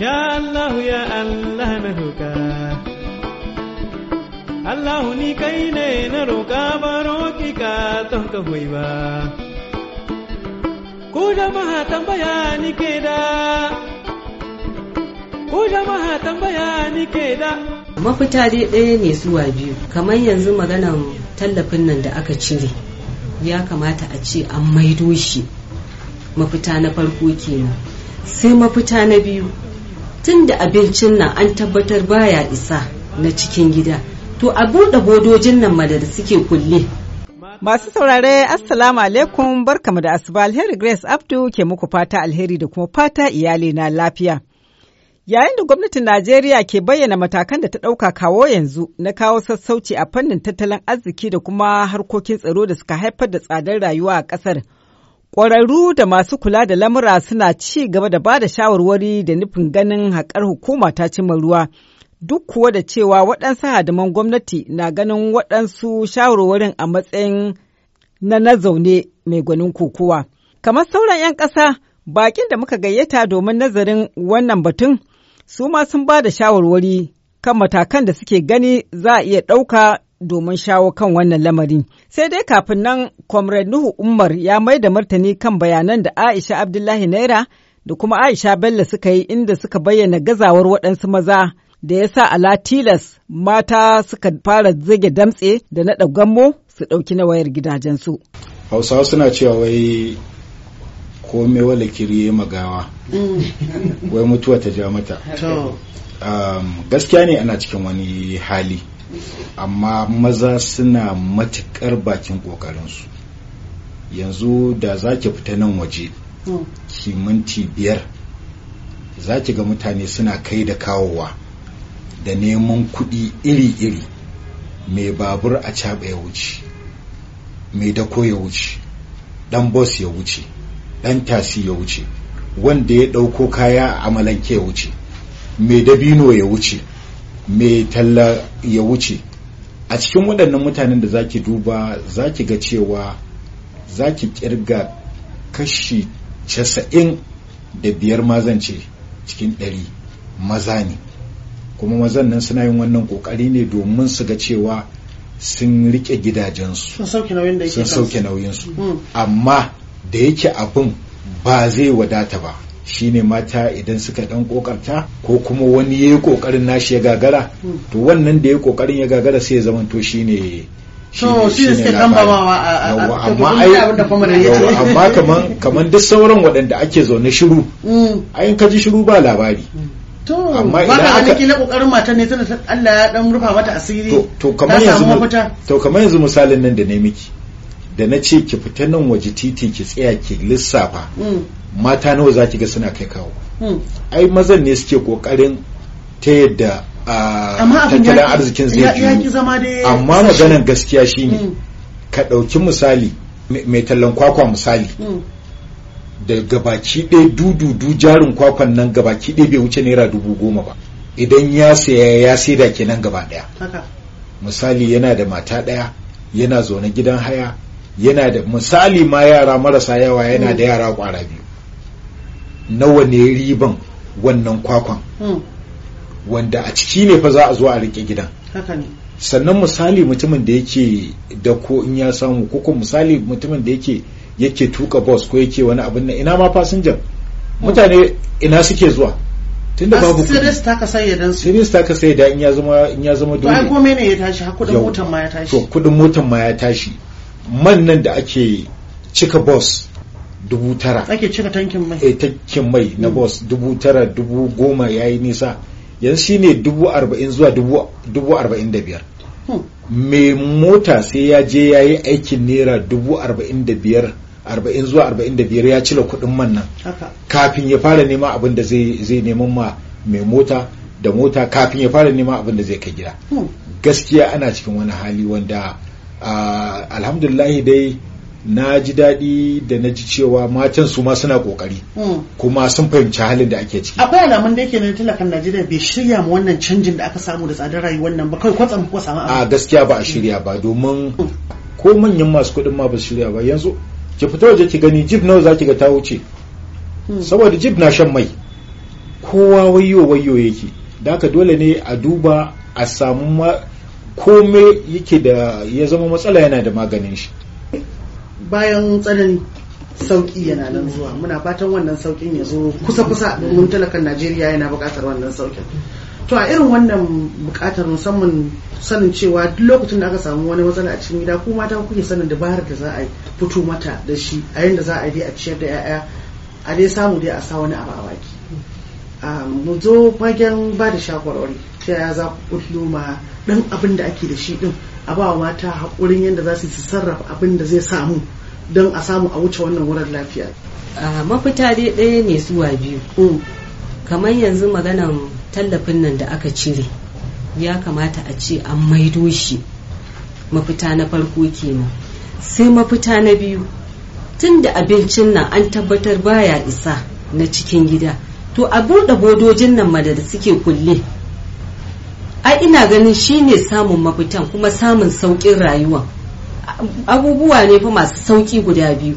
Ya Allah ya Allah na roƙa Allah ni kai ne na roƙa baro ki ka ton ka ba Ku jama'a tambaya ni ke da Ku jama'a tambaya ni ke da mafita dai ɗaya ne zuwa biyu kamar yanzu maganan tallafin nan da aka cire ya kamata a ce an maido shi mafita na farko kenan sai mafita na biyu tunda abincin nan an tabbatar baya isa na cikin gida to a buɗe bodojin nan ma da suke kulle Masu saurare Assalamu alaikum barkamu da asuba alheri Grace Abdu ke muku fata alheri da kuma fata iyali na lafiya. Yayin da gwamnatin Najeriya ke bayyana matakan da ta ɗauka kawo yanzu na kawo sassauci a fannin tattalin arziki da kuma harkokin tsaro da suka haifar da tsadar rayuwa a ƙasar. Ƙwararru da masu kula da lamura suna ci gaba da bada shawarwari da nufin ganin haƙar hukuma ta cimma ruwa. Duk kuwa da cewa waɗansu hadiman gwamnati na ganin waɗansu shawarwarin a matsayin na zaune mai gwanin kokowa. Kamar sauran 'yan ƙasa, bakin da muka gayyata domin nazarin wannan batun, su ma sun bada shawarwari kan matakan da suke gani za a iya ɗauka domin shawo kan wannan lamarin. Sai dai kafin nan Comrade Nuhu Umar ya mai da martani kan bayanan da Aisha Abdullahi Naira da kuma Aisha Bello suka yi inda suka bayyana gazawar waɗansu maza da ya sa ala tilas mata suka fara zage damtse da na gammo su ɗauki na wayar gidajensu. Hausawa suna cewa wai kome wala kiriye magawa mm. wai mutuwa ta ja mata. Um, gaskiya ne ana cikin wani hali amma maza suna matuƙar bakin ƙoƙarinsu. yanzu da za ki fita nan waje hmm. kimanti biyar za ki ga mutane suna kai da kawowa da neman kuɗi iri-iri mai babur a caɓa ya wuce mai dako ya wuce ɗan bos ya wuce ɗan tasi ya wuce wanda ya ɗauko kaya a amalanke ya wuce mai dabino ya wuce mai talla ya wuce a cikin waɗannan mutanen da zaki duba zaki ga cewa zaki kirga kashi casa'in da biyar mazance cikin ɗari maza ne kuma mazan nan suna yin wannan ƙoƙari ne domin su ga cewa sun rike gidajensu sun sauke nauyinsu hmm. amma da yake abin ba zai wadata ba shine mata idan suka dan kokarta ko kuma wani ya yi kokarin nashi ya gagara to wannan da ya yi kokarin ya gagara sai ya zama to shine shi ne suke kambamawa a amma kaman kaman duk sauran waɗanda ake zaune shiru mm. ayin ka ji shiru ba labari mm. to amma idan aka kila kokarin mata ne tana Allah ya dan rufa mata asiri to kamar yanzu to yanzu misalin nan da ne miki da na ce ki fita nan waje titi ki tsaya ki lissafa mata nawa za ki ga suna kai kawo ai mazan ne suke kokarin ta yadda tattalin arzikin zai biyu amma maganan gaskiya shine mm. ka ɗauki misali mai tallan kwakwa misali mm. da gabaki ɗaya dududu jarin kwakwan nan gabaki ɗaya bai wuce naira dubu goma ba idan ya saya ya saida kenan gaba ɗaya misali yana da mata ɗaya yana zaune gidan haya yana da misali ma yara marasa yawa yana da yara kwara biyu nawa ne riban wannan kwakwan hmm. wanda a ciki ne fa za a zo a rike gidan sannan misali mutumin da yake da ko in ya samu ko misali mutumin da yake yake tuka bus ko yake wani abin nan ina ma fasinjan hmm. mutane ina suke zuwa tunda babu kuɗi sirius ta ka sai dan sirius ta ka sai in ya zama in ya zama dole to ai komai ne ya tashi har kudin motan ma ya tashi to kudin ma ya tashi man nan da ake cika bus dubu tara ake cika tankin mai eh tankin mai na hmm. bus dubu tara dubu goma yayi nisa yanzu shine dubu arba'in zuwa dubu arba'in da biyar mai hmm. mota sai ya je ya yi aikin nera dubu arba'in da biyar arba'in zuwa arba'in da biyar ya cila kuɗin man nan kafin ya fara nema abin da zai neman ma mai mota da mota kafin ya fara nema abin da zai kai gida hmm. gaskiya ana cikin wani hali wanda alhamdulillahi dai na ji daɗi da na ji cewa matan su ma suna ƙoƙari hmm. kuma sun fahimci halin da ake ciki akwai alamun da yake na talakan najeriya bai shirya ma wannan canjin da aka samu da tsadar rayuwar nan ba kawai kwatsam ko samu a gaskiya ba a hmm. shirya ba domin hmm. ko manyan masu kuɗin ma ba su shirya ba yanzu ki fito waje ki gani jib nawa zaki ga ta wuce saboda jib na shan mai kowa wayo wayo yake da haka dole ne a duba a samu kome yake da ya zama matsala yana da maganin shi bayan tsanin sauki yana nan zuwa muna fatan wannan saukin ya zo kusa-kusa domin talakan najeriya yana bukatar wannan saukin to a irin wannan bukatar musamman sanin cewa duk lokacin da aka samu wani matsala a cikin gida ko mata kuke sanin dabarar da za a fito mata da shi a yanda za a yi a ciyar da 'ya'ya a dai samu dai a sa wani abu a baki ah, mu zo fagen ba da shawarwari ta yaya za ku kudu ma dan abin da ake da shi din a ba mata haƙurin yadda za su sarrafa abin da zai samu don a samu a wuce wannan wurin lafiya mafita dai ɗaya ne zuwa biyu mm. kamar yanzu maganan tallafin nan da aka cire ya kamata a ce an maido shi mafita na farko kenan sai mafita na biyu tun da abincin nan an tabbatar baya isa na cikin gida to a buɗe bodojin nan da suke kulle ai ina ganin shine samun mafitan kuma samun saukin rayuwa abubuwa ne fa masu sauki guda biyu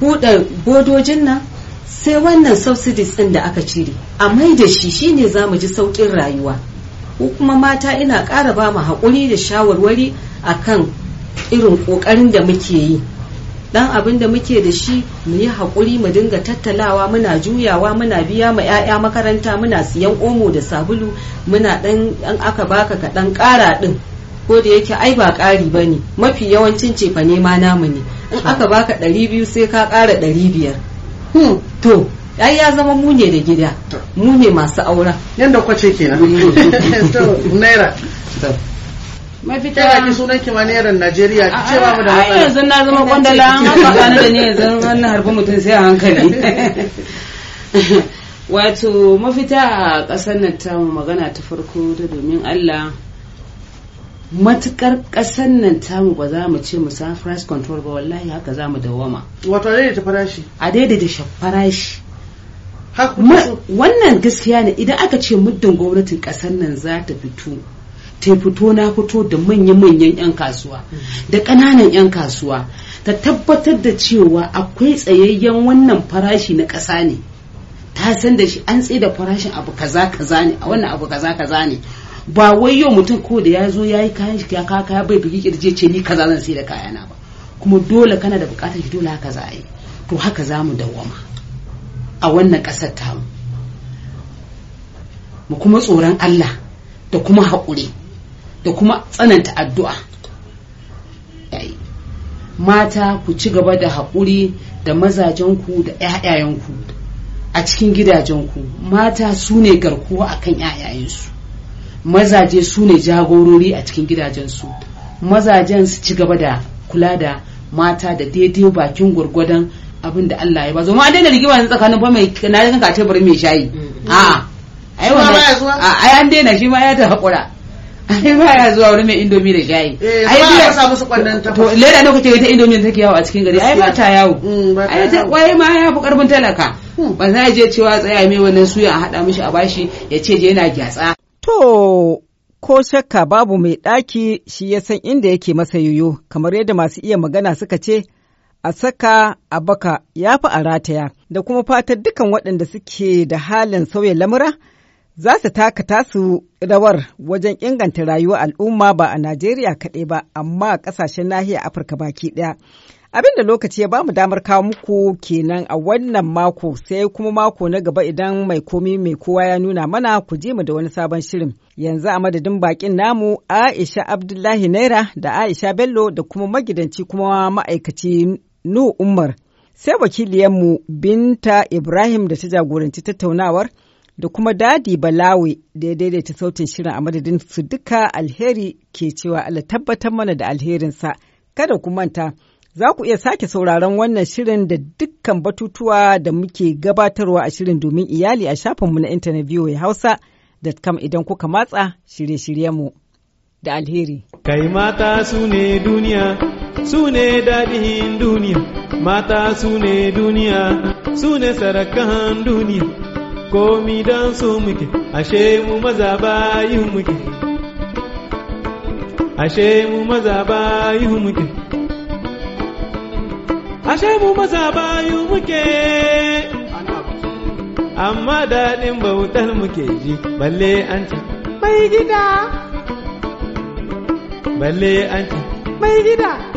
buɗe bodojin nan sai wannan subsidies ɗin da aka cire a mai da shi shine za mu ji sauƙin rayuwa ko kuma mata ina ƙara ba mu haƙuri da shawarwari akan irin ƙoƙarin da muke yi dan abin da muke da shi mu yi haƙuri mu dinga tattalawa muna juyawa muna biya ma 'ya'ya makaranta muna siyan omo da sabulu muna dan an aka baka ka dan ƙara din ko da yake ai ba ƙari bane ne mafi yawancin cefa ne namu ne in aka baka ɗari biyu sai ka ƙara ɗari biyar hmm. to ai ya zama mu ne da gida mu ne masu aura yadda kwace kenan hmm. naira mafita yana ki sunan ki wani Najeriya ki ce babu da matsala yanzu na zama kwandala an haka da ne yanzu wannan harfi mutum sai a hankali wato mafita a ƙasar nan ta mu magana ta farko ta domin Allah matukar ƙasar nan ta mu ba za mu ce mu san price control ba wallahi haka za mu dawama wato daidaita farashi a da farashi wannan gaskiya ne idan aka ce muddin gwamnatin ƙasar nan za ta fito ta fito na fito da manya-manyan 'yan kasuwa da ƙananan 'yan kasuwa ta tabbatar da cewa akwai tsayayyen wannan farashi na ƙasa ne ta san da shi an tsaye da farashin abu kaza kaza ne a wannan abu kaza kaza ne ba wai yau mutum ko da ya zo ya yi kayan shi ya kaya bai bugi kirje ce ni kaza zan sai da kaya na ba kuma dole kana da bukatar shi dole haka za a yi to haka za mu dawwama a wannan ƙasar tamu mu kuma tsoron Allah da kuma haƙuri da kuma tsananta addu'a mata ku ci gaba da haƙuri da mazajenku da 'ya'yayenku a cikin gidajenku mata su ne garkuwa a kan 'ya'yayensu mazaje su ne jagorori a cikin gidajensu mazajen su ci gaba da kula da mata da daidai bakin gwargwadon abin da Allah ya ba zo ma daina rigima yanzu tsakanin ba mai na ga kace bari mai shayi mm. a ai wanda a ai an daina shi ma ya ta haƙura. ai ya zuwa wani mai indomi da shayi eh, ai ba sa musu kwannan ta to leda ne kuke ta indomi take yawo a cikin gari ai ba ta yawo mm, ai ta kwaye ma ya fi karfin talaka hmm. ba za je cewa tsaya mai wannan suya a hada mishi a bashi ya ce je yana gyatsa to ko shakka babu mai ɗaki shi ya san inda yake masa yoyo kamar yadda masu iya magana suka ce a saka a baka ya fi a rataya da kuma fatar dukan waɗanda suke da halin sauya lamura za su taka tasu rawar wajen inganta rayuwar al'umma ba a Najeriya kaɗai ba, amma a ƙasashen nahiyar Afirka baki ɗaya. Abin da lokaci ya bamu damar kawo muku kenan a wannan mako sai kuma mako na gaba idan mai komi mai kowa ya nuna mana ku ji mu da wani sabon shirin. Yanzu a madadin bakin namu Aisha Abdullahi Naira da Aisha Bello da kuma magidanci kuma ma'aikaci Nu Umar. Sai wakiliyanmu Binta Ibrahim da ta jagoranci tattaunawar. da kuma Dadi Balawe da ya daidaita sautin shirin a madadin su duka alheri ke cewa Allah tabbatar mana da alherinsa. Kada ku manta, za ku iya sake sauraron wannan shirin da dukkan batutuwa da muke gabatarwa a shirin domin iyali a shafinmu na intanet ya Hausa. da kam idan kuka matsa shirye-shiryenmu da alheri. Kai mata su ne duniya, su ne daɗin duniya, mata su ne duniya, su ne sarakan duniya. komi don su muke ashe mu maza bayin muke ashe mu maza bayin muke ashe mu maza bayin muke amma daɗin bautar muke ji balle an ce mai gida balle an ce mai gida